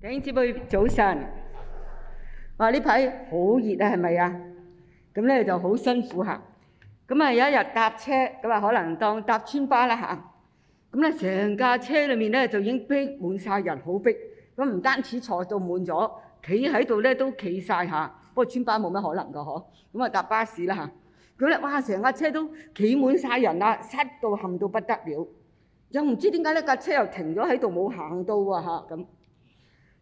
警司，佢早晨話：呢排好熱啊，係咪啊？咁咧就好辛苦嚇。咁啊，有一日搭車咁啊，可能當搭村巴啦嚇。咁咧，成架車裏面咧就已經逼滿晒人，好逼。咁唔單止坐到滿咗，企喺度咧都企晒嚇。不過村巴冇乜可能噶嗬。咁啊搭巴士啦嚇。咁咧，哇！成架車都企滿晒人啦，塞到冚到不得了。又唔知點解呢架車又停咗喺度，冇行到啊咁。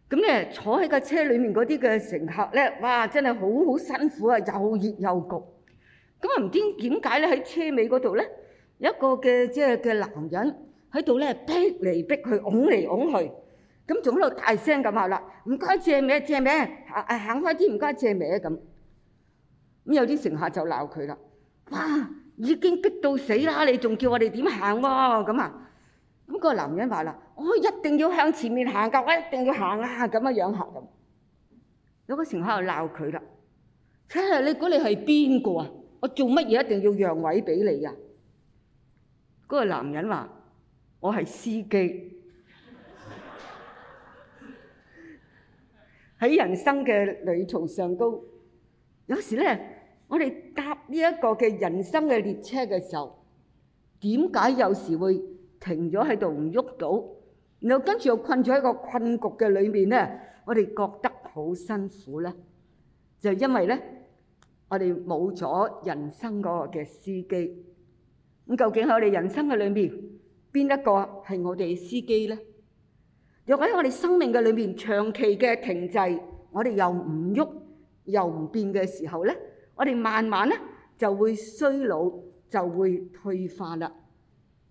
咁咧坐喺個車裏面嗰啲嘅乘客咧，哇！真係好好辛苦啊，又熱又焗。咁啊唔知點解咧，喺車尾嗰度咧，有一個嘅即係嘅男人喺度咧逼嚟逼去，擁嚟擁去。咁仲喺度大聲咁話啦：唔該借咩借咩，行行開啲唔該借咩咁。咁有啲乘客就鬧佢啦。哇！已經逼到死啦，你仲叫我哋點行喎？咁啊！咁個男人話啦：我一定要向前面行㗎，我一定要行啊！咁樣樣行咁，有個乘客就鬧佢啦：睇下你估你係邊個啊？我做乜嘢一定要讓位俾你啊？嗰個男人話：我係司機。喺人生嘅旅途上都有時咧，我哋搭呢一個嘅人生嘅列車嘅時候，點解有時會停咗喺度唔喐到，然後跟住又困咗喺個困局嘅裏面咧，我哋覺得好辛苦咧。就因為咧，我哋冇咗人生嗰個嘅司機。咁究竟喺我哋人生嘅裏面，邊一個係我哋司機咧？若喺我哋生命嘅裏面長期嘅停滯，我哋又唔喐又唔變嘅時候咧，我哋慢慢咧就會衰老，就會退化啦。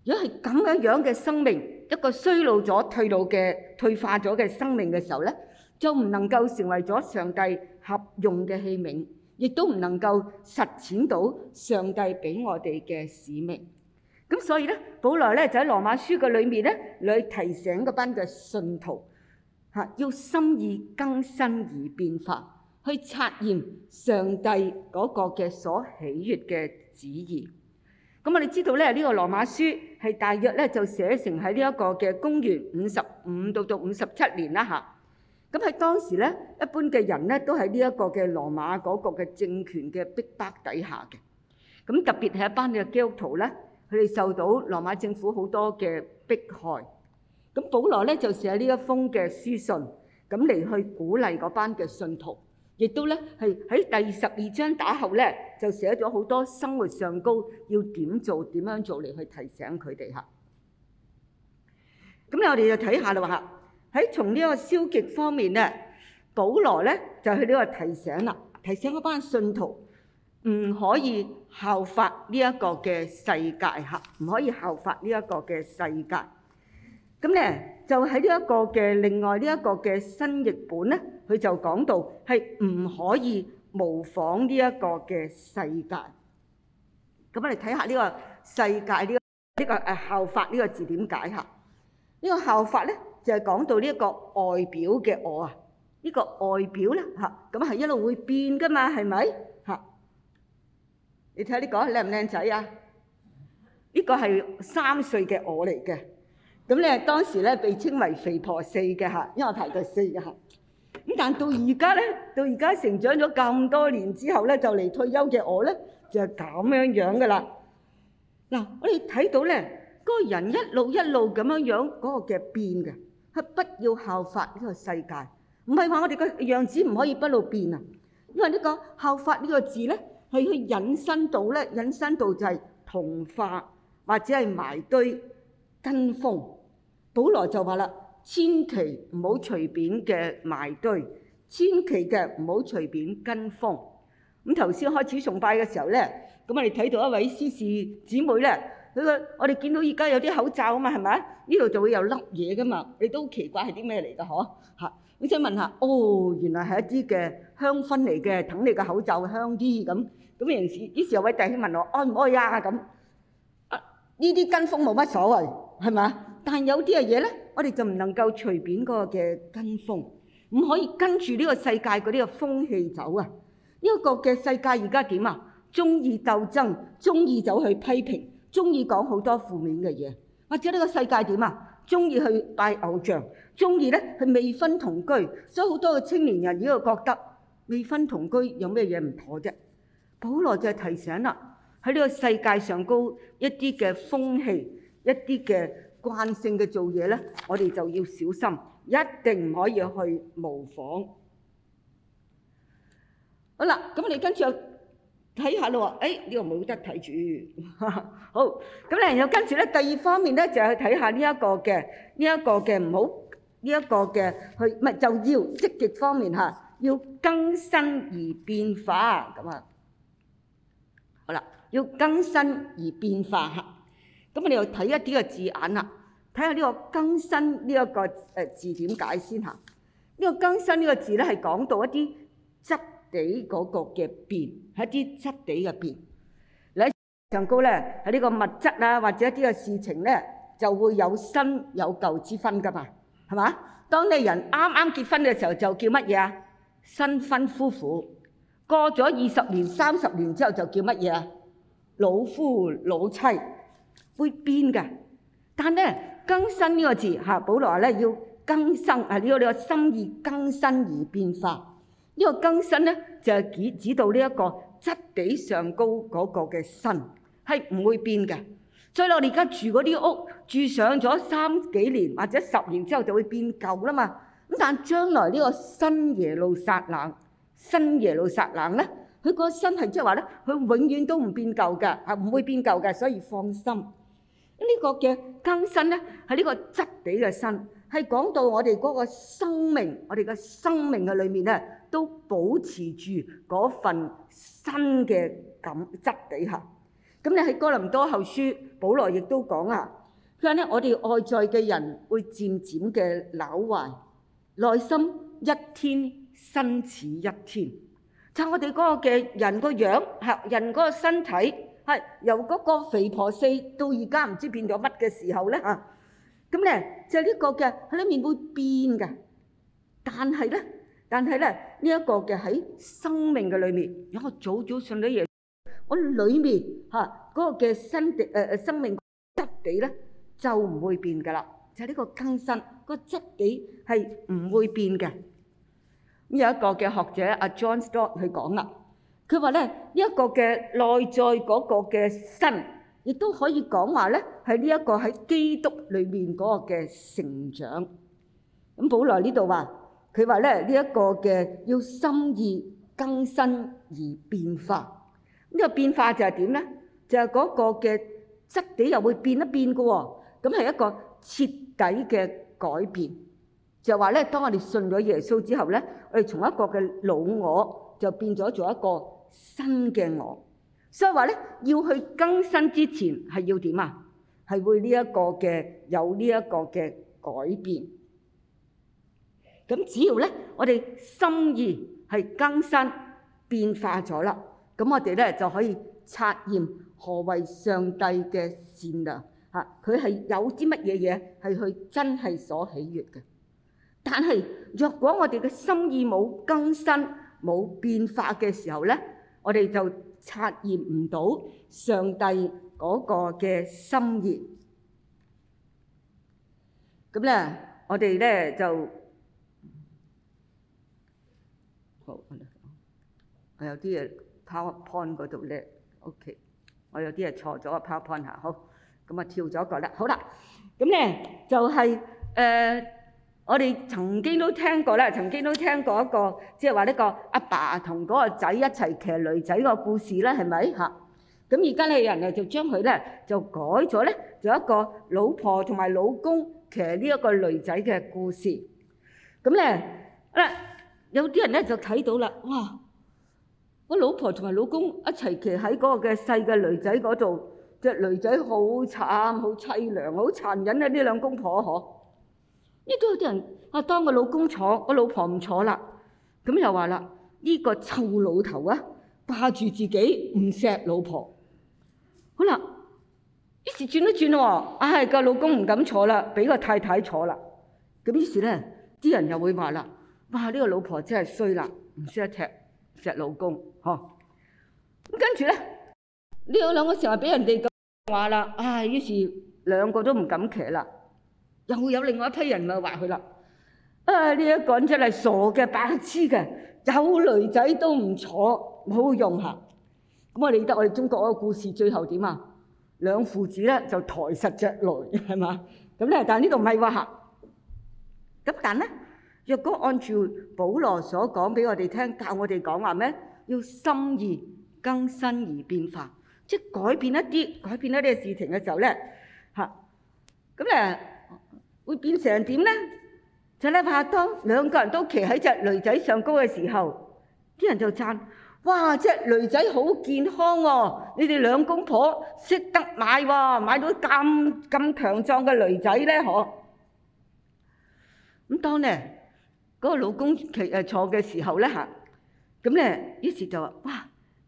如果係咁樣樣嘅生命，一個衰老咗、退老嘅退化咗嘅生命嘅時候咧，就唔能夠成為咗上帝合用嘅器皿，亦都唔能夠實踐到上帝俾我哋嘅使命。咁所以咧，保羅咧就喺羅馬書嘅裏面咧，嚟提醒嗰班嘅信徒嚇，要心意更新而變化，去察驗上帝嗰個嘅所喜悅嘅旨意。咁我哋知道咧，呢個羅馬書係大約咧就寫成喺呢一個嘅公元五十五到到五十七年啦吓。咁喺當時咧，一般嘅人咧都喺呢一個嘅羅馬嗰個嘅政權嘅逼迫底下嘅。咁特別係一班嘅基督徒咧，佢哋受到羅馬政府好多嘅迫害。咁保羅咧就寫呢一封嘅書信，咁嚟去鼓勵嗰班嘅信徒。亦都咧係喺第十二章打後咧，就寫咗好多生活上高要點做、點樣做嚟去提醒佢哋嚇。咁我哋就睇下啦，喎嚇喺從呢個消極方面咧，保羅咧就去呢個提醒啦，提醒嗰班信徒唔可以效法呢一個嘅世界嚇，唔可以效法呢一個嘅世界。咁咧就喺呢一個嘅另外呢一個嘅新譯本咧，佢就講到係唔可以模仿呢一個嘅世界。咁啊，我哋睇下呢個世界呢個呢個誒效法呢個字點解嚇？呢個效法咧就係講到呢一個外表嘅我啊，呢個外表咧嚇咁係一路會變噶嘛，係咪嚇？你睇下呢個靚唔靚仔啊？呢個係三歲嘅我嚟嘅。咁咧當時咧，被稱為肥婆四嘅嚇，因為排第四嘅嚇。咁但到而家咧，到而家成長咗咁多年之後咧，就嚟退休嘅我咧，就係咁樣樣嘅啦。嗱，我哋睇到咧，嗰個人一路一路咁樣樣嗰個嘅變嘅，係不要效法呢個世界。唔係話我哋個樣子唔可以不露變啊，因為呢個效法呢個字咧，係去引申到咧，引申到就係同化或者係埋堆跟風。保羅就話啦，千祈唔好隨便嘅埋堆，千祈嘅唔好隨便跟風。咁頭先開始崇拜嘅時候咧，咁我哋睇到一位師事姊妹咧，佢話我哋見到而家有啲口罩啊嘛，係咪？呢度就會有粒嘢噶嘛，你都奇怪係啲咩嚟㗎？嗬嚇，我想問下，哦，原來係一啲嘅香薰嚟嘅，等你個口罩香啲咁。咁於是於是有位弟兄問我，愛唔愛呀、啊？咁呢啲跟風冇乜所謂，係咪？但有啲嘅嘢咧，我哋就唔能夠隨便個嘅跟風，唔可以跟住呢個世界嗰啲嘅風氣走啊！呢、這個嘅世界而家點啊？中意鬥爭，中意走去批評，中意講好多負面嘅嘢。或者呢個世界點啊？中意去拜偶像，中意咧係未婚同居，所以好多嘅青年人如果覺得未婚同居有咩嘢唔妥啫？保羅就提醒啦，喺呢個世界上高一啲嘅風氣，一啲嘅。慣性嘅做嘢咧，我哋就要小心，一定唔可以去模仿。好啦，咁你跟住睇下咯喎。誒呢個冇得睇住。好，咁你又跟住咧第二方面咧就係去睇下呢一個嘅呢一個嘅唔好呢一個嘅去唔係就要積極方面嚇，要更新而變化咁啊。好啦，要更新而變化嚇。咁啊！你又睇一啲嘅字眼啦，睇下呢個更新呢一個誒字點解先嚇？呢個更新呢個字咧係講到一啲質地嗰個嘅變，喺一啲質地入邊，喺上高咧喺呢個物質啊，或者一啲嘅事情咧就會有新有舊之分㗎嘛，係嘛？當你人啱啱結婚嘅時候就叫乜嘢啊？新婚夫婦過咗二十年、三十年之後就叫乜嘢啊？老夫老妻。會變嘅，但咧更新呢個字嚇，保羅話咧要更新啊！呢個呢個心意更新而變化呢個更新咧就係指指到呢一個質地上高嗰個嘅新係唔會變嘅。所以我哋而家住嗰啲屋住上咗三幾年或者十年之後就會變舊啦嘛。咁但係將來呢個新耶路撒冷，新耶路撒冷咧，佢個新係即係話咧，佢永遠都唔變舊嘅，嚇，唔會變舊嘅，所以放心。呢個嘅更新咧，係呢個質地嘅新，係講到我哋嗰個生命，我哋嘅生命嘅裏面咧，都保持住嗰份新嘅感質地嚇。咁你喺哥林多後書，保羅亦都講啊，佢話咧，我哋外在嘅人會漸漸嘅朽壞，內心一天新似一天。就係我哋嗰個嘅人個樣嚇，人嗰個身體。係由嗰個肥婆四到而家唔知變咗乜嘅時候咧嚇，咁咧就呢個嘅佢裏面會變嘅，但係咧，但係咧呢一個嘅喺生命嘅裏面，如果早早上咗嘢，我裏面嚇嗰個嘅生誒誒生命質地咧就唔會變噶啦，就呢個更新個質地係唔會變嘅。咁有一個嘅學者阿 John Stott 去講啦。佢話咧呢一個嘅內在嗰個嘅身，亦都可以講話咧喺呢一個喺基督裏面嗰個嘅成長。咁保羅呢度話，佢話咧呢一個嘅要心意更新而變化。呢個變化就係點咧？就係嗰個嘅質地又會變一變嘅喎。咁係一個徹底嘅改變。就係話咧，當我哋信咗耶穌之後咧，我哋從一個嘅老我就變咗做一個新嘅我，所以話咧要去更新之前係要點啊？係會呢一個嘅有呢一個嘅改變。咁只要咧，我哋心意係更新變化咗啦，咁我哋咧就可以察驗何為上帝嘅善良吓，佢係有啲乜嘢嘢係佢真係所喜悅嘅。但係若果我哋嘅心意冇更新冇變化嘅時候咧？我哋就察驗唔到上帝嗰個嘅心意，咁咧我哋咧就好，我有啲嘢 powerpoint 嗰度咧，OK，我有啲嘢錯咗，powerpoint 吓好，咁啊跳咗一個啦，好啦，咁咧就係誒。我哋曾經都聽過啦，曾經都聽過一個，即係話呢個阿爸同嗰個仔一齊騎女仔驢仔個故事啦，係咪嚇？咁而家咧，有人就將佢咧就改咗咧，做一個老婆同埋老公騎呢一個驢仔嘅故事。咁咧，嗱，有啲人咧就睇到啦，哇！我老婆同埋老公一齊騎喺嗰個嘅細嘅驢仔嗰度，隻驢仔好慘，好淒涼，好殘忍啊！呢兩公婆呵～亦都有啲人，啊，當個老公坐，個老婆唔坐啦，咁又話啦，呢個臭老頭啊，霸住自己唔錫老婆，好啦，於是轉一轉，唉，個老公唔敢坐啦，俾個太太坐啦，咁於是咧，啲人又會話啦，哇，呢個老婆真係衰啦，唔識得錫錫老公，嗬，咁跟住咧，呢兩個成日俾人哋咁話啦，唉，於是兩個都唔敢騎啦。又會有另外一批人咪話佢啦？啊，呢一講出嚟，傻嘅白痴嘅，有驢仔都唔坐，冇用下。咁我理得我哋中國嗰個故事最後點啊？兩父子咧就抬實隻驢，係嘛？咁咧，但係呢度唔係話，咁但係咧？若果按住保羅所講俾我哋聽，教我哋講話咩？要心意更新而變化，即係改變一啲，改變一啲嘅事情嘅時候咧，吓咁咧。會變成點呢？就你話當兩個人都騎喺隻驢仔上高嘅時候，啲人就讚：哇，隻驢仔好健康喎！你哋兩公婆識得買喎，買到咁咁強壯嘅驢仔咧，嗬？咁當咧嗰個老公騎，呃，坐嘅時候咧，吓，咁咧，於是就話：哇，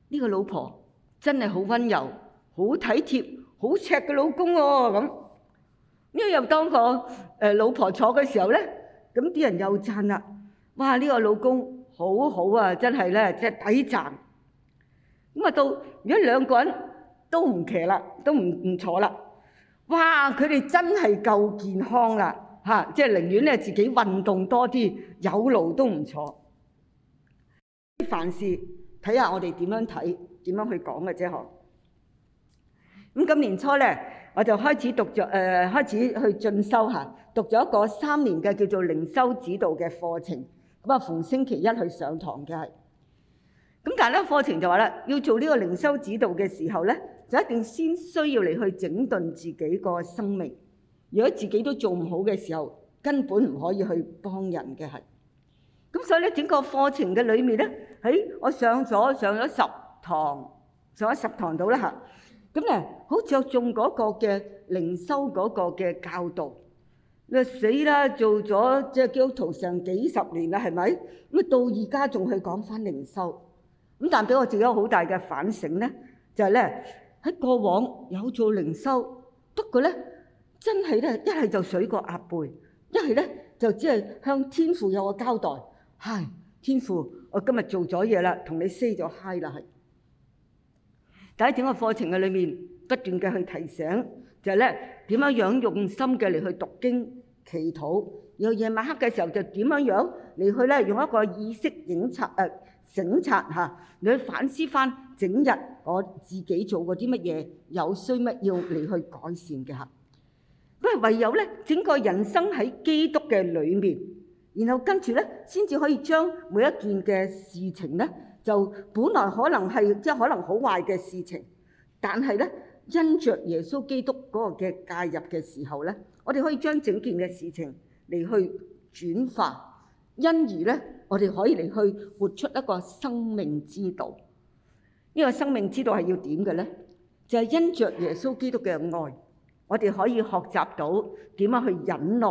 呢個老婆真係好溫柔、好體貼、好錫嘅老公喎！咁呢又當個誒老婆坐嘅時候咧，咁啲人又讚啦，哇！呢、這個老公好好啊，真係咧，即係抵讚。咁啊到如果兩個人都唔騎啦，都唔唔坐啦，哇！佢哋真係夠健康啦，嚇、啊！即係寧願咧自己運動多啲，有路都唔坐。凡事睇下我哋點樣睇，點樣去講嘅啫嗬，咁、啊、今年初咧。我就開始讀咗誒，開始去進修嚇，讀咗一個三年嘅叫做靈修指導嘅課程。咁啊，逢星期一去上堂嘅係。咁但係咧，課程就話啦，要做呢個靈修指導嘅時候咧，就一定先需要嚟去整頓自己個生命。如果自己都做唔好嘅時候，根本唔可以去幫人嘅係。咁所以咧，整個課程嘅裡面咧，喺我上咗上咗十堂，上咗十堂度咧嚇。咁咧，好着重嗰個嘅靈修嗰個嘅教導。你死啦，做咗即係基督徒成幾十年啦，係咪？咁到而家仲係講翻靈修，咁但係俾我自己好大嘅反省咧，就係咧喺過往有做靈修，不過咧真係咧一係就水過鴨背，一係咧就只係向天父有個交代，係天父，我今日做咗嘢啦，同你 say 咗 hi 啦，係。喺整個課程嘅裏面不斷嘅去提醒，就係咧點樣樣用心嘅嚟去讀經祈禱，然後夜晚黑嘅時候就點樣樣嚟去咧用一個意識省察誒省、呃、察嚇，你、啊、反思翻整日我自己做過啲乜嘢，有需乜要嚟去改善嘅嚇。不過唯有咧，整個人生喺基督嘅裏面，然後跟住咧先至可以將每一件嘅事情咧。就本來可能係即係可能好壞嘅事情，但係咧，因著耶穌基督嗰個嘅介入嘅時候咧，我哋可以將整件嘅事情嚟去轉化，因而咧，我哋可以嚟去活出一個生命之道。呢個生命之道係要點嘅咧？就係因著耶穌基督嘅愛，我哋可以學習到點樣去忍耐，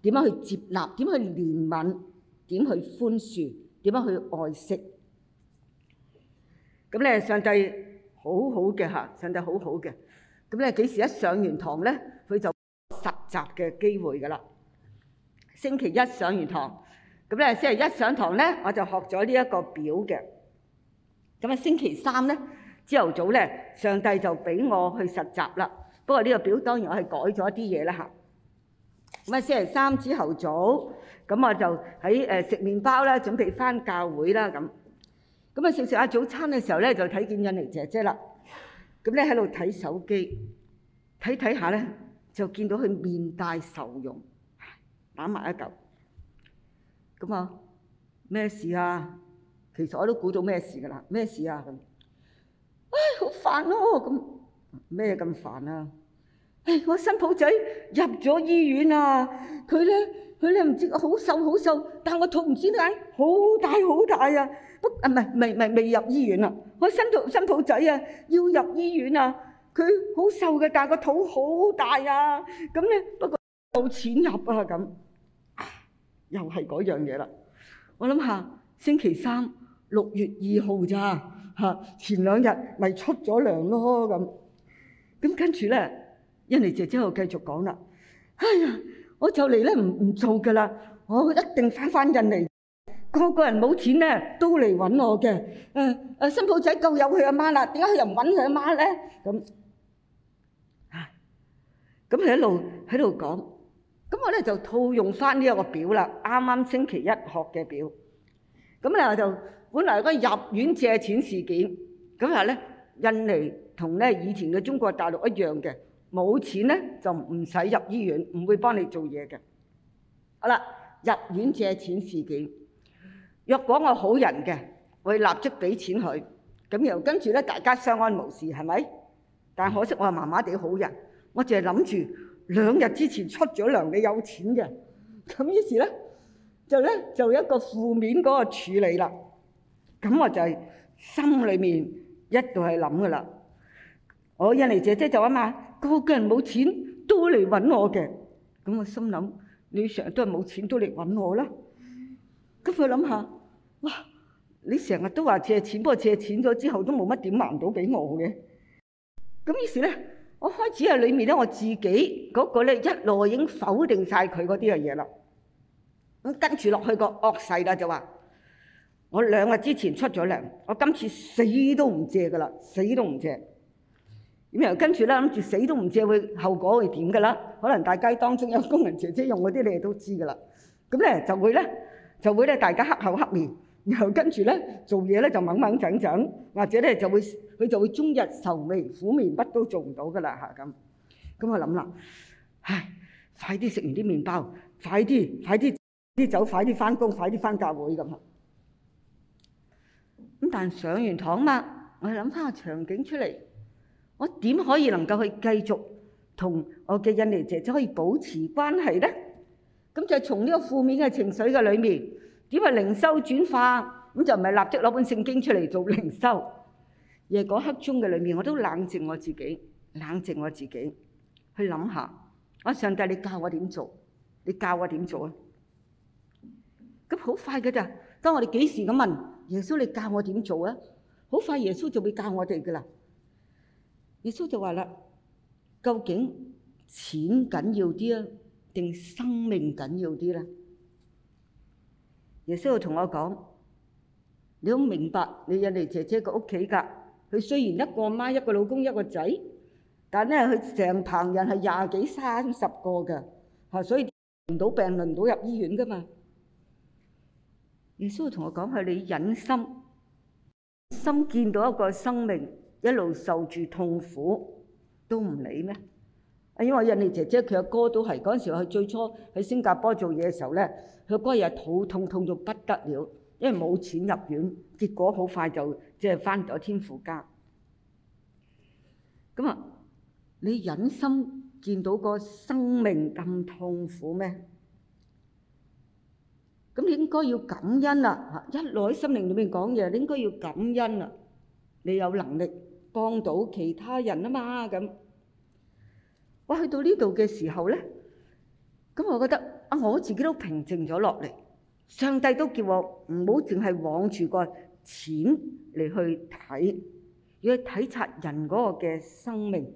點樣去接納，點去憐憫，點去寬恕，點樣去愛惜。咁咧，上帝好好嘅嚇，上帝好好嘅。咁咧，幾時一上完堂咧，佢就實習嘅機會噶啦。星期一上完堂，咁咧星期一上堂咧，我就學咗呢一個表嘅。咁啊，星期三咧，朝頭早咧，上帝就俾我去實習啦。不過呢個表當然我係改咗一啲嘢啦嚇。咁啊，星期三朝頭早，咁我就喺誒食麪包啦，準備返教會啦咁。咁啊，食食下早餐嘅時候咧，就睇見印尼姐姐啦。咁咧喺度睇手機，睇睇下咧就見到佢面帶愁容，打埋一嚿。咁啊，咩事啊？其實我都估到咩事噶啦，咩事啊？咁，唉，好煩咯。咁咩咁煩啊？唉，我新抱仔入咗醫院啊！佢咧佢咧唔知好瘦好瘦，但係我肚唔知點解好大好大啊！不啊，唔係未未未入醫院啦！我新抱新抱仔啊，要入醫院啊！佢好瘦嘅，但係個肚好大啊！咁咧，不過冇錢入啊，咁，又係嗰樣嘢啦。我諗下星期三六月二號咋嚇？前兩日咪出咗糧咯，咁。咁跟住咧，欣妮姐姐又繼續講啦。哎呀，我就嚟咧唔唔做㗎啦！我一定返返印尼。個個人冇錢咧，都嚟揾我嘅。誒誒，新抱仔夠有佢阿媽啦，點解佢又唔揾佢阿媽咧？咁，咁佢一路喺度講，咁我咧就套用翻呢一個表啦。啱啱星期一學嘅表，咁咧就本來嗰入院借錢事件，咁係咧印尼同咧以前嘅中國大陸一樣嘅，冇錢咧就唔使入醫院，唔會幫你做嘢嘅。好啦，入院借錢事件。若果我好人嘅，會立即俾錢佢，咁又跟住咧，大家相安無事，係咪？但可惜我係麻麻地好人，我淨係諗住兩日之前出咗糧你有錢嘅，咁於是咧就咧有一個負面嗰個處理啦。咁我就係心裏面一度係諗噶啦。我印尼姐姐就話嘛，個個人冇錢都嚟揾我嘅，咁我心諗你成日都係冇錢都嚟揾我啦。咁佢諗下，哇！你成日都話借錢，不過借錢咗之後都冇乜點還到俾我嘅。咁於是咧，我開始喺裏面咧，我自己嗰個咧一路已經否定晒佢嗰啲嘅嘢啦。咁跟住落去個惡勢啦，就話我兩日之前出咗糧，我今次死都唔借噶啦，死都唔借。咁又跟住咧諗住死都唔借會後果會點噶啦？可能大家當中有工人姐姐用嗰啲你都知噶啦。咁咧就會咧。就會咧，大家黑口黑面，然後跟住咧做嘢咧就掹掹整整，或者咧就會佢就會終日愁眉苦面，乜都做唔到噶啦嚇咁。咁我諗啦，唉，快啲食完啲麵包，快啲快啲啲走，快啲翻工，快啲翻教會咁。咁但上完堂啦，我係諗翻個場景出嚟，我點可以能夠去繼續同我嘅印尼姐姐可以保持關係咧？咁就從呢個負面嘅情緒嘅裏面點係靈修轉化，咁就唔係立即攞本聖經出嚟做靈修。而係嗰刻中嘅裏面，我都冷靜我自己，冷靜我自己去諗下：，啊，上帝，你教我點做？你教我點做啊？咁好快嘅咋？當我哋幾時咁問耶穌，你教我點做啊？好快，耶穌就會教我哋噶啦。耶穌就話啦：，究竟錢緊要啲啊？定生命緊要啲啦！耶穌同我講：，你好明白你人哋姐姐個屋企㗎，佢雖然一個媽一個老公一個仔，但咧佢成棚人係廿幾三十個㗎，嚇，所以輪到病輪到入醫院㗎嘛。耶穌同我講：，係你忍心心見到一個生命一路受住痛苦都唔理咩？因為印尼姐姐佢阿哥都係嗰陣時，佢最初喺新加坡做嘢嘅時候咧，佢嗰日肚痛痛到不得了，因為冇錢入院，結果好快就即係翻咗天父家。咁啊，你忍心見到個生命咁痛苦咩？咁你應該要感恩啦！一來喺心靈裏面講嘢，你應該要感恩啦。你有能力幫到其他人啊嘛？咁。我去到呢度嘅時候咧，咁我覺得啊，我自己都平靜咗落嚟。上帝都叫我唔好淨係望住個錢嚟去睇，要睇察人嗰個嘅生命。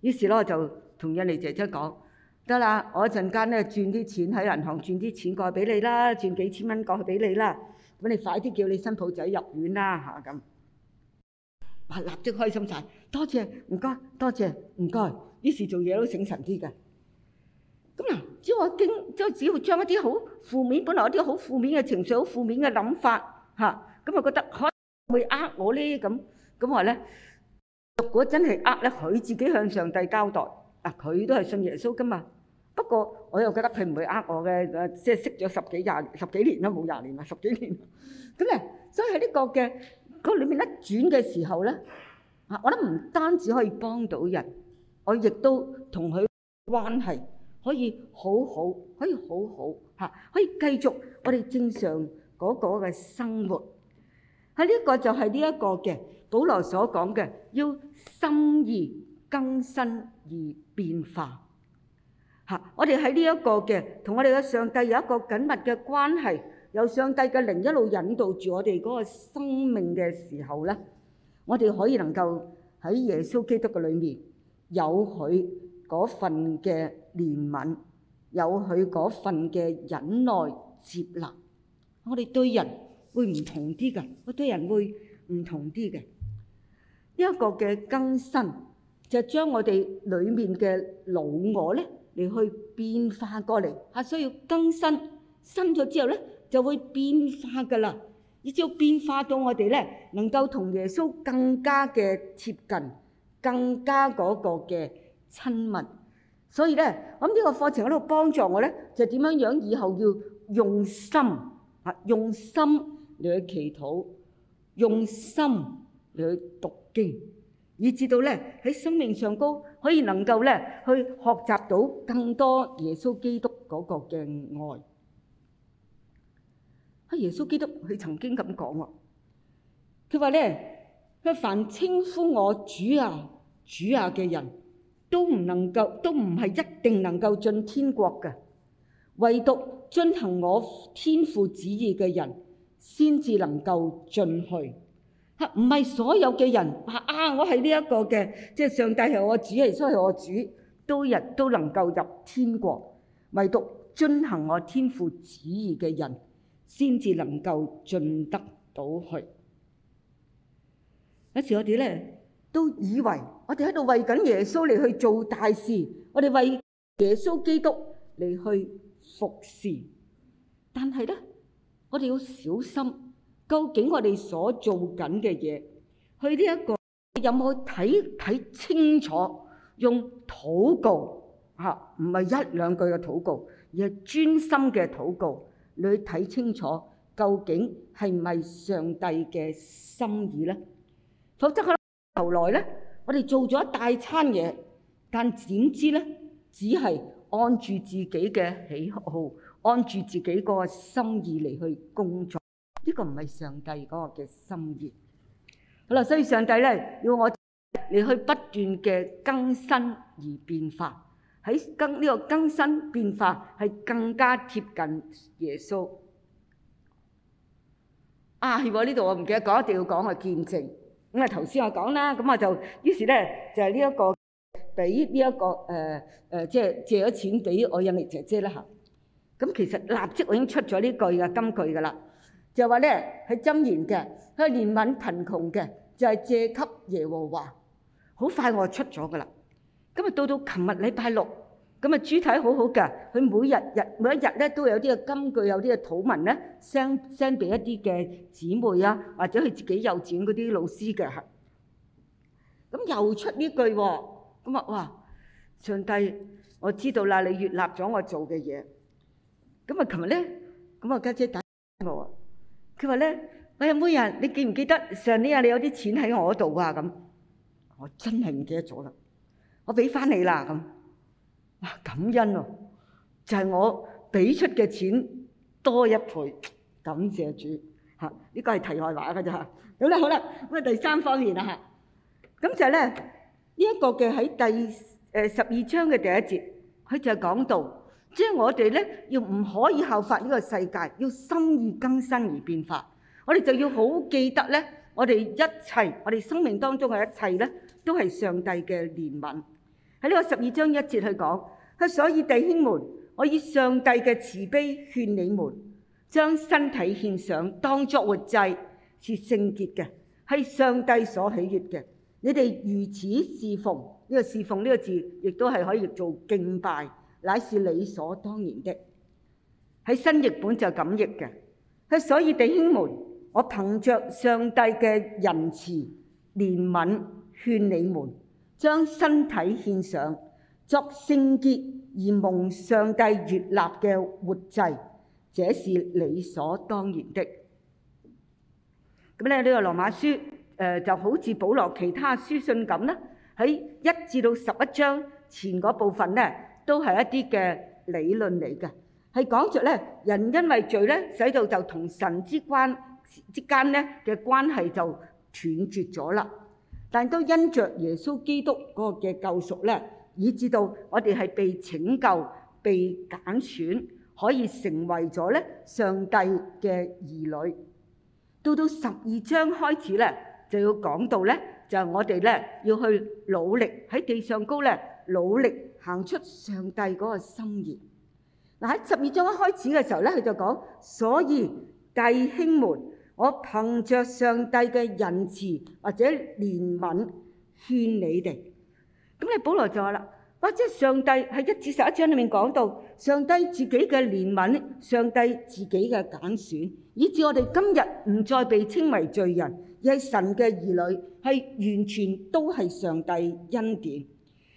於是咧，我就同印尼姐姐講：得啦，我一陣間咧，轉啲錢喺銀行，轉啲錢過去俾你啦，轉幾千蚊過去俾你啦。咁你快啲叫你新抱仔入院啦，吓、啊、咁。哇，立即開心晒，多謝唔該，多謝唔該。於是做嘢都醒神啲㗎。咁啊，只要經，即係只要將一啲好負面，本來一啲好負面嘅情緒，好負面嘅諗法，嚇咁啊，覺得可能會呃我咧，咁咁話咧，如果真係呃咧，佢自己向上帝交代，嗱佢都係信耶穌㗎嘛。不過我又覺得佢唔會呃我嘅，即係識咗十幾廿十幾年啦，冇廿年啊，十幾年。咁咧，所以喺呢個嘅個裏面一轉嘅時候咧，啊，我覺得唔單止可以幫到人。我亦都同佢關係可以好好，可以好好嚇，可以繼續我哋正常嗰個嘅生活。喺呢一個就係呢一個嘅保羅所講嘅，要心意更新而變化嚇。我哋喺呢一個嘅同我哋嘅上帝有一個緊密嘅關係，由上帝嘅靈一路引導住我哋嗰個生命嘅時候咧，我哋可以能夠喺耶穌基督嘅裡面。有佢嗰份嘅憐憫，有佢嗰份嘅忍耐接納。我哋對人會唔同啲㗎，我對人會唔同啲嘅。一個嘅更新，就將我哋裡面嘅老我咧，嚟去變化過嚟，係需要更新。新咗之後咧，就會變化㗎啦。你只要變化到我哋咧，能夠同耶穌更加嘅接近。更加嗰個嘅親密，所以咧，咁呢個課程喺度幫助我咧，就點樣樣以後要用心啊，用心嚟去祈禱，用心嚟去讀經，以至到咧喺生命上高可以能夠咧去學習到更多耶穌基督嗰個嘅愛。阿耶穌基督佢曾經咁講喎，佢話咧，佢凡稱呼我主啊。主啊嘅人都唔能夠，都唔係一定能夠進天國嘅。唯獨遵行我天父旨意嘅人，先至能夠進去。吓、啊，唔係所有嘅人，吓啊，我係呢一個嘅，即係上帝係我主，耶穌係我主，都人都能夠入天國。唯獨遵行我天父旨意嘅人，先至能夠進得到去。有、嗯、時我哋咧都以為。我哋喺度為緊耶穌嚟去做大事，我哋為耶穌基督嚟去服侍。但係咧，我哋要小心，究竟我哋所做緊嘅嘢，去呢一個有冇去睇睇清楚？用禱告吓，唔係一兩句嘅禱告，而係專心嘅禱告，你去睇清楚究竟係唔係上帝嘅心意咧？否則嘅由來咧？我哋做咗一大餐嘢，但點知呢，只係按住自己嘅喜好，按住自己個心意嚟去工作，呢個唔係上帝嗰個嘅心意。好啦，所以上帝呢要我，你去不斷嘅更新而變化，喺更呢個更新變化係更加貼近耶穌。啊，喺我呢度我唔記得講，一定要講嘅見證。咁頭先我講啦，咁我就於是咧就係呢一個俾呢一個誒誒、呃呃，即係借咗錢俾我印尼姐姐啦嚇。咁、嗯、其實立即我已經出咗呢句嘅金句㗎喇，就係話咧係箴言嘅，佢憐憫貧窮嘅，就係、是、借給耶和華。好快我就出咗㗎喇，咁、嗯、啊到到琴日禮拜六。咁啊，豬體好好嘅，佢每日每日每一日咧都有啲嘅金句，有啲嘅禱文咧 send send 俾一啲嘅姊妹啊，或者佢自己幼稚園嗰啲老師嘅嚇。咁又出呢句喎，咁啊哇！上帝，我知道啦，你悅納咗我做嘅嘢。咁啊，琴日咧，咁啊家姐打電話俾我，佢話咧：喂，阿妹啊，你記唔記得上年啊你有啲錢喺我度啊？咁，我真係唔記得咗啦，我俾翻你啦咁。感恩哦、啊，就係、是、我俾出嘅錢多一倍，感謝主嚇！呢個係題外話嘅啫。好啦，好啦，咁啊第三方面啊嚇，咁就係咧呢一個嘅喺第誒十二章嘅第一節，佢就講到，即係我哋咧要唔可以效法呢個世界，要心意更新而變化。我哋就要好記得咧，我哋一切，我哋生命當中嘅一切咧，都係上帝嘅憐憫。喺呢個十二章一節去講。所以弟兄們，我以上帝嘅慈悲勸你們，將身體獻上當作活祭，是聖潔嘅，係上帝所喜悦嘅。你哋如此侍奉，呢個侍奉呢個字，亦都係可以做敬拜，乃是理所當然的。喺新譯本就咁譯嘅。所以弟兄們，我憑着上帝嘅仁慈憐憫勸你們，將身體獻上。作聖潔而蒙上帝悅納嘅活祭，這是理所當然的。咁咧，呢個羅馬書，誒就好似保羅其他書信咁啦，喺一至到十一章前嗰部分咧，都係一啲嘅理論嚟嘅，係講著咧，人因為罪咧，使到就同神之關之間咧嘅關係就斷絕咗啦。但都因著耶穌基督嗰個嘅救贖咧。以至到我哋係被拯救、被揀選，可以成為咗咧上帝嘅兒女。到到十二章開始咧，就要講到咧，就係我哋咧要去努力喺地上高咧，努力行出上帝嗰個心意。嗱喺十二章一開始嘅時候咧，佢就講：「所以弟兄們，我憑著上帝嘅仁慈或者憐憫勸你哋。咁你保羅就話啦：或者上帝喺一至十一章裏面講到上，上帝自己嘅憐憫，上帝自己嘅揀選，以至我哋今日唔再被稱為罪人，而係神嘅兒女，係完全都係上帝恩典。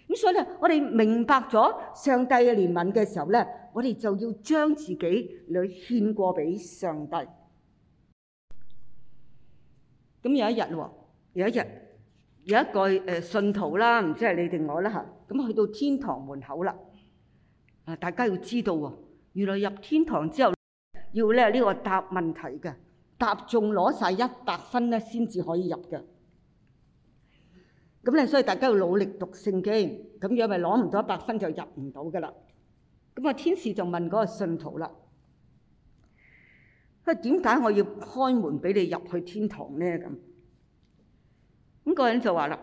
咁所以咧，我哋明白咗上帝嘅憐憫嘅時候咧，我哋就要將自己嚟獻過俾上帝。咁有一日喎，有一日。有一個誒信徒啦，唔知係你定我啦吓，咁去到天堂門口啦，啊大家要知道喎，原來入天堂之後要咧呢個答問題嘅，答中攞晒一百分咧先至可以入嘅，咁咧所以大家要努力讀聖經，咁樣咪攞唔到一百分就入唔到噶啦，咁啊天使就問嗰個信徒啦，佢點解我要開門俾你入去天堂咧咁？嗰個人就話啦，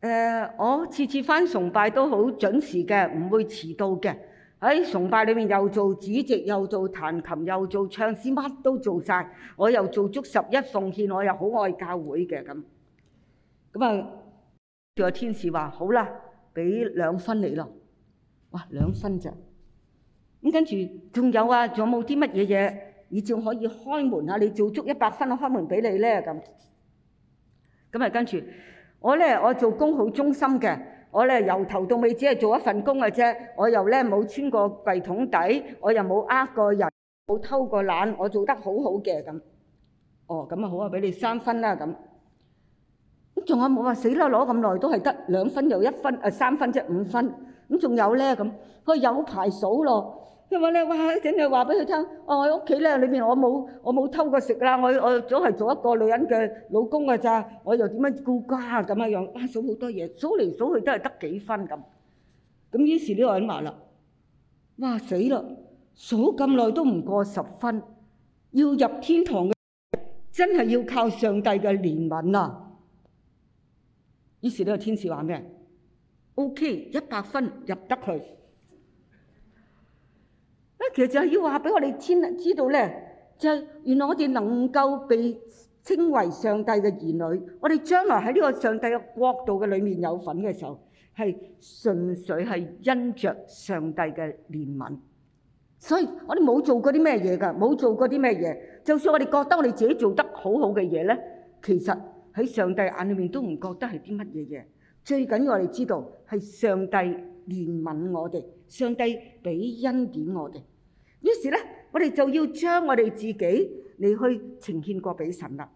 誒、呃，我次次返崇拜都好準時嘅，唔會遲到嘅。喺、哎、崇拜裏面又做主席，又做彈琴，又做唱詩，乜都做晒。我又做足十一奉獻，我又好愛教會嘅咁。咁啊，就天使話，好啦，俾兩分你咯。哇，兩分咋？咁跟住仲有啊？仲有冇啲乜嘢嘢？你仲可以開門啊？你做足一百分開門俾你咧咁。咁啊，跟住我咧，我做工好忠心嘅，我咧由頭到尾只係做一份工嘅啫，我又咧冇穿過櫃桶底，我又冇呃過人，冇偷過懶，我做得好好嘅咁。哦，咁啊好啊，俾你三分啦咁。咁仲有冇啊？死啦，攞咁耐都係得兩分，又一分啊，三分啫，五分。咁仲有咧咁，佢有排數咯。佢話咧，哇，整佢話俾佢聽，我喺屋企咧，裏邊我冇，我冇偷過食啦，我我總係做一個女人嘅老公㗎咋，我又點樣顧家咁啊樣，哇，數好多嘢，數嚟數去都係得幾分咁。咁於是呢個人話啦，哇死啦，數咁耐都唔過十分，要入天堂嘅真係要靠上帝嘅憐憫啊！於是呢個天使話咩？OK，一百分入得去。其實就係要話俾我哋天知道咧，就係、是、原來我哋能夠被稱為上帝嘅兒女，我哋將來喺呢個上帝嘅國度嘅裏面有份嘅時候，係純粹係因着上帝嘅憐憫。所以我哋冇做過啲咩嘢㗎，冇做過啲咩嘢。就算我哋覺得我哋自己做得好好嘅嘢咧，其實喺上帝眼裏面都唔覺得係啲乜嘢嘢。最緊要我哋知道係上帝憐憫我哋，上帝俾恩典我哋。於是咧，我哋就要將我哋自己嚟去呈獻過畀神啦。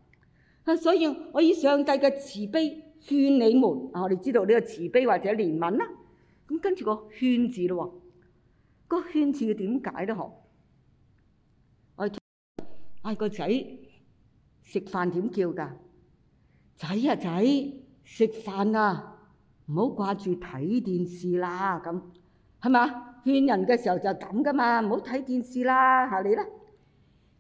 啊，所以我以上帝嘅慈悲勸你們啊，我哋知道呢個慈悲或者憐憫啦。咁跟住個勸字咯，個勸字嘅點解咧？嗬，我嗌個仔食飯點叫噶？仔啊仔，食飯啊，唔好掛住睇電視啦，咁係咪？勸人嘅時候就咁噶嘛，唔好睇電視啦，吓你咧。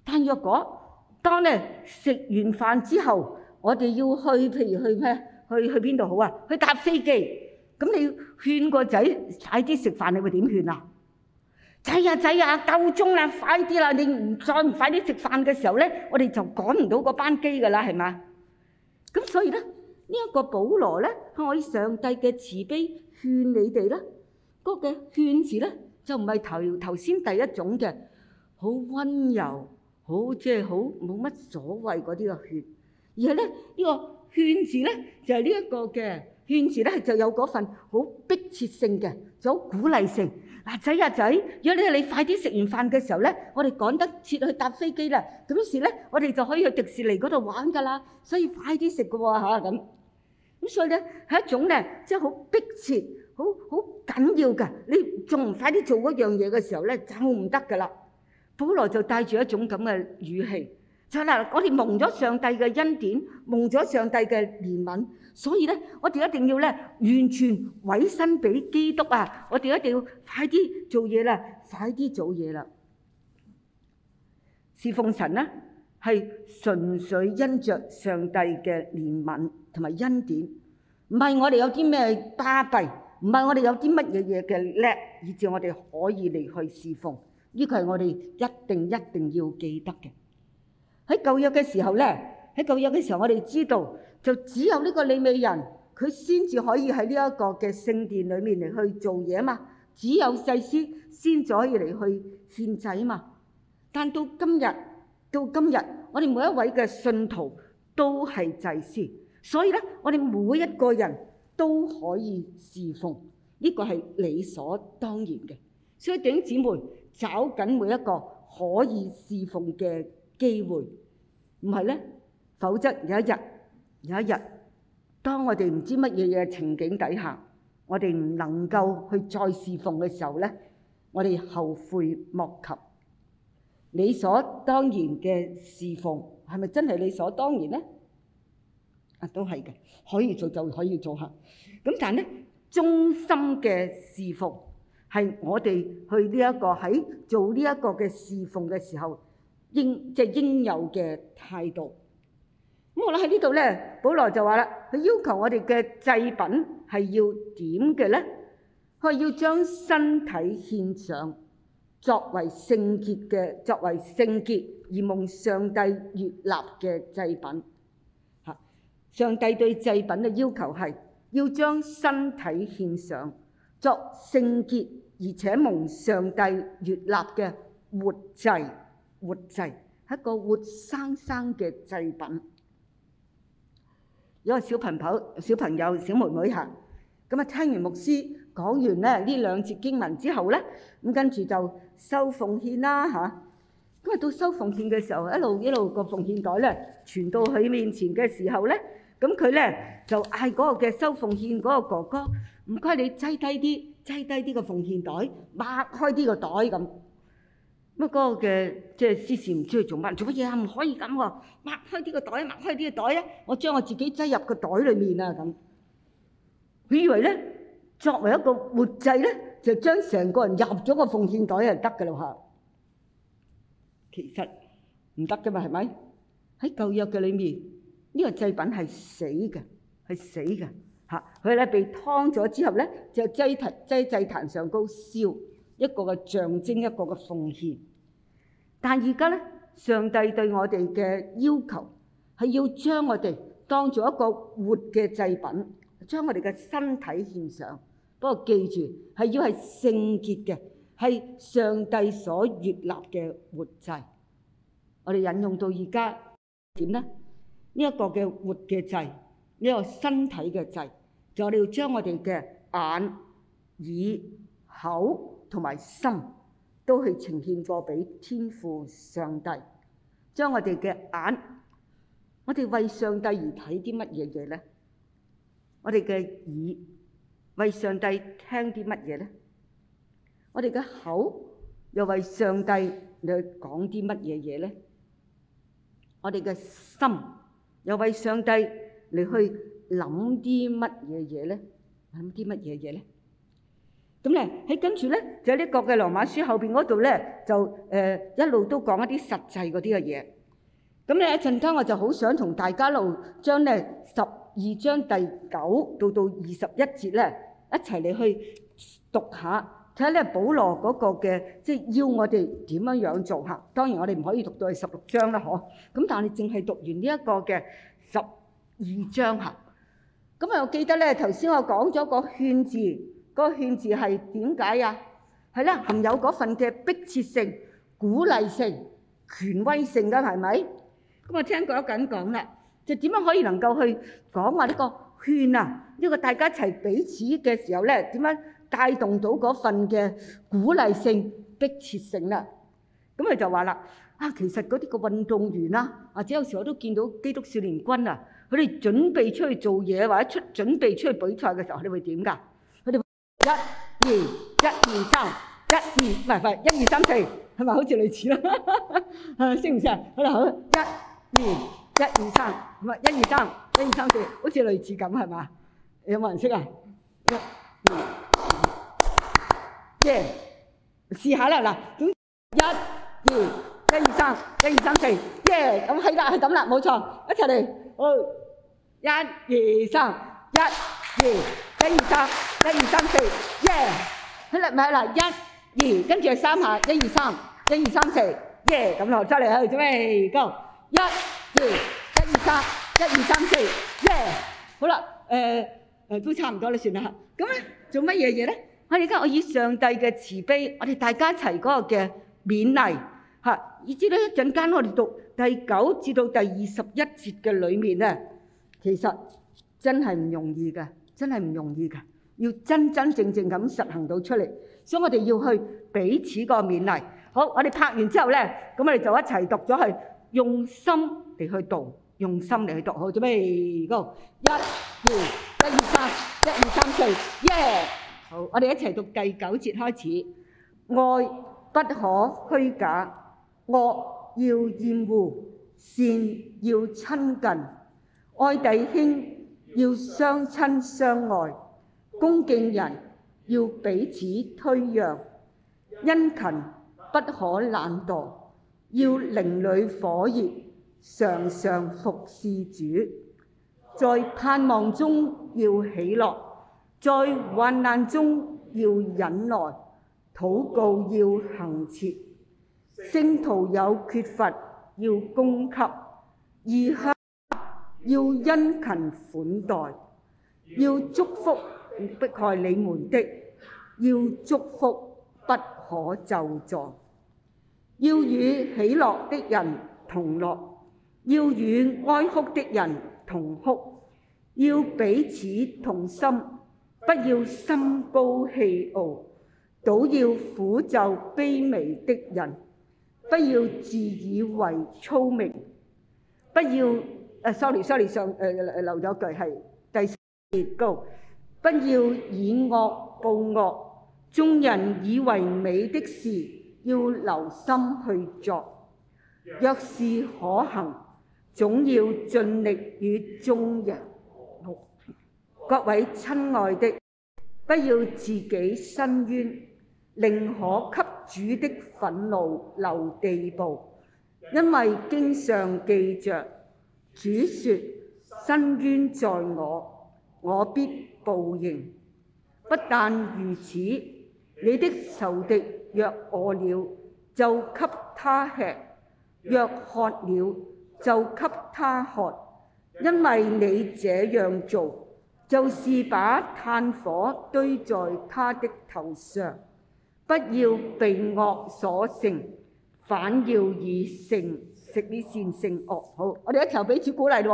但若果當你食完飯之後，我哋要去譬如去咩，去去邊度好啊？去搭飛機，咁你勸個仔快啲食飯，你會點勸啊？仔啊仔啊，夠鐘啦，快啲啦！你唔再唔快啲食飯嘅時候咧，我哋就趕唔到個班機噶啦，係嘛？咁所以咧，呢一個保羅咧，以上帝嘅慈悲勸你哋啦。個嘅勸字咧，就唔係頭頭先第一種嘅好温柔，好即係好冇乜所謂嗰啲嘅勸。而係咧，呢個勸字咧，就係呢一個嘅勸字咧，就有嗰份好迫切性嘅，就好鼓勵性。嗱，仔啊仔，如果你你快啲食完飯嘅時候咧，我哋趕得切去搭飛機啦。咁時咧，我哋就可以去迪士尼嗰度玩㗎啦。所以快啲食嘅喎，嚇，咁。咁所以咧，係一種咧，即係好迫切。好好緊要㗎，你仲唔快啲做嗰樣嘢嘅時候咧，就唔得噶啦！保羅就帶住一種咁嘅語氣，就係啦，我哋蒙咗上帝嘅恩典，蒙咗上帝嘅憐憫，所以咧，我哋一定要咧完全委身俾基督啊！我哋一定要快啲做嘢啦，快啲做嘢啦，侍奉神咧係純粹因著上帝嘅憐憫同埋恩典，唔係我哋有啲咩巴閉。唔係我哋有啲乜嘢嘢嘅叻，以致我哋可以嚟去侍奉。呢個係我哋一定一定要記得嘅。喺舊約嘅時候咧，喺舊約嘅時候，我哋知道就只有呢個利未人，佢先至可以喺呢一個嘅聖殿裡面嚟去做嘢啊嘛。只有祭司先至可以嚟去獻祭啊嘛。但到今日，到今日，我哋每一位嘅信徒都係祭司，所以咧，我哋每一個人。都可以侍奉，呢個係理所當然嘅。所以弟兄姊妹，找緊每一個可以侍奉嘅機會，唔係呢？否則有一日有一日，當我哋唔知乜嘢嘅情景底下，我哋唔能夠去再侍奉嘅時候呢，我哋後悔莫及。理所當然嘅侍奉係咪真係理所當然呢？啊，都係嘅，可以做就可以做嚇。咁但係咧，忠心嘅侍奉係我哋去呢、這、一個喺做呢一個嘅侍奉嘅時候應即係、就是、應有嘅態度。咁我哋喺呢度咧，保羅就話啦，佢要求我哋嘅祭品係要點嘅咧？佢要將身體獻上，作為聖潔嘅，作為聖潔而蒙上帝悅納嘅祭品。上帝對祭品嘅要求係要將身體獻上作聖潔，而且蒙上帝悅納嘅活祭，活祭，一個活生生嘅祭品。有個小朋友、小朋友、小妹妹嚇，咁啊，聽完牧師講完咧呢兩節經文之後咧，咁跟住就收奉獻啦嚇。因為，到收奉獻嘅時候，一路一路個奉獻袋咧，傳到佢面前嘅時候咧，咁佢咧就嗌嗰個嘅收奉獻嗰個哥哥，唔該你擠低啲，擠低啲個奉獻袋，擘開啲個袋咁。乜嗰個嘅即係事前，唔知佢做乜做乜嘢啊？唔可以咁喎，擘開啲個袋，擘開啲個袋咧，我將我自己擠入個袋裡面啊咁。佢以為咧，作為一個活祭咧，就將成個人入咗個奉獻袋就得㗎啦嚇。其實唔得㗎嘛，係咪？喺舊約嘅裏面，呢、這個祭品係死嘅，係死嘅。嚇、啊，佢咧被劏咗之後咧，就祭壇祭祭壇上高燒，一個嘅象徵，一個嘅奉獻。但而家咧，上帝對我哋嘅要求係要將我哋當做一個活嘅祭品，將我哋嘅身體獻上。不過記住，係要係聖潔嘅。係上帝所悅納嘅活祭，我哋引用到而家點咧？呢一個嘅活嘅祭，呢個身體嘅祭，就我哋要將我哋嘅眼、耳、口同埋心，都去呈獻過俾天父上帝。將我哋嘅眼，我哋為上帝而睇啲乜嘢嘢咧？我哋嘅耳為上帝聽啲乜嘢咧？我哋嘅口又為上帝嚟去講啲乜嘢嘢咧？我哋嘅心又為上帝嚟去諗啲乜嘢嘢咧？諗啲乜嘢嘢咧？咁咧喺跟住咧，就喺呢個嘅羅馬書後邊嗰度咧，就誒一路都講一啲實際嗰啲嘅嘢。咁咧一陣間我就好想同大家路將咧十二章第九到到二十一節咧一齊嚟去讀下。睇咧，保羅嗰個嘅即係要我哋點樣樣做嚇。當然我哋唔可以讀到去十六章啦，嗬。咁但係你淨係讀完呢一個嘅十二章嚇。咁啊，我記得咧，頭先我講咗個勸字，嗰個勸字係點解啊？係啦，含有嗰份嘅迫切性、鼓勵性、權威性㗎，係咪？咁啊，我聽過一緊講啦，就點樣可以能夠去講話呢個勸啊？呢個大家一齊彼此嘅時候咧，點樣？帶動到嗰份嘅鼓勵性、迫切性啦。咁佢就話啦：啊，其實嗰啲個運動員啦，或者有時我都見到基督少年軍啊，佢哋準備出去做嘢或者出準備出去比賽嘅時候，佢哋會點噶？佢哋一、二、一、二、三、一、二，唔係唔係，一、二、三、四，係咪好似類似咯？識唔識啊？好啦，好一、二、一、二、三，唔係一、二、三、一、二、三、四，好似類似咁係嘛？有冇人識啊？一、二。耶，試下啦嗱，一、二、一、二、三、一、二、三、四，耶，咁係啦，係咁啦，冇錯，一齊嚟。哦，一、二、三、一、二、一、二、三、一、二、三、四，耶，睇嚟唔係啦，一、二，跟住係三下，一、二、三、一、二、三、四，耶，咁落咗嚟去做咩？夠，一、二、一、二、三、一、二、三、四，耶，好啦，誒誒，都差唔多啦，算啦，咁咧做乜嘢嘢咧？我哋而家我以上帝嘅慈悲，我哋大家一齊嗰個嘅勉勵嚇、啊。以至到一陣間我哋讀第九至到第二十一節嘅裏面咧，其實真係唔容易嘅，真係唔容易嘅，要真真正正咁實行到出嚟。所以我哋要去彼此個勉勵。好，我哋拍完之後咧，咁我哋就一齊讀咗去，用心嚟去讀，用心嚟去讀，好，準備，go、一、二、一、二三、一、二三、四、耶！好，我哋一齊讀第九節開始:在患難中要忍耐，禱告要恆切，聖徒有缺乏要供給，異鄉客要殷勤款待，要祝福不迫害你們的，要祝福不可詛咒，要與喜樂的人同樂，要與哀哭的人同哭，要彼此同心。不要心高氣傲，倒要俯就卑微的人；不要自以為聰明，不要誒 sorry sorry 上誒誒留咗句係志氣高，不要以惡報惡。眾人以為美的事，要留心去做；若是可行，總要盡力與眾人。各位親愛的，不要自己伸冤，寧可給主的憤怒留地步，因為經上記著：主說「主説：伸冤在我，我必報應。不但如此，你的仇敵若餓了，就給他吃；若渴了，就給他喝，因為你這樣做。就是把炭火堆在他的頭上,不要被惡所成,反要以成,食啲善性惡。好,我哋一齊彼此鼓勵, 1,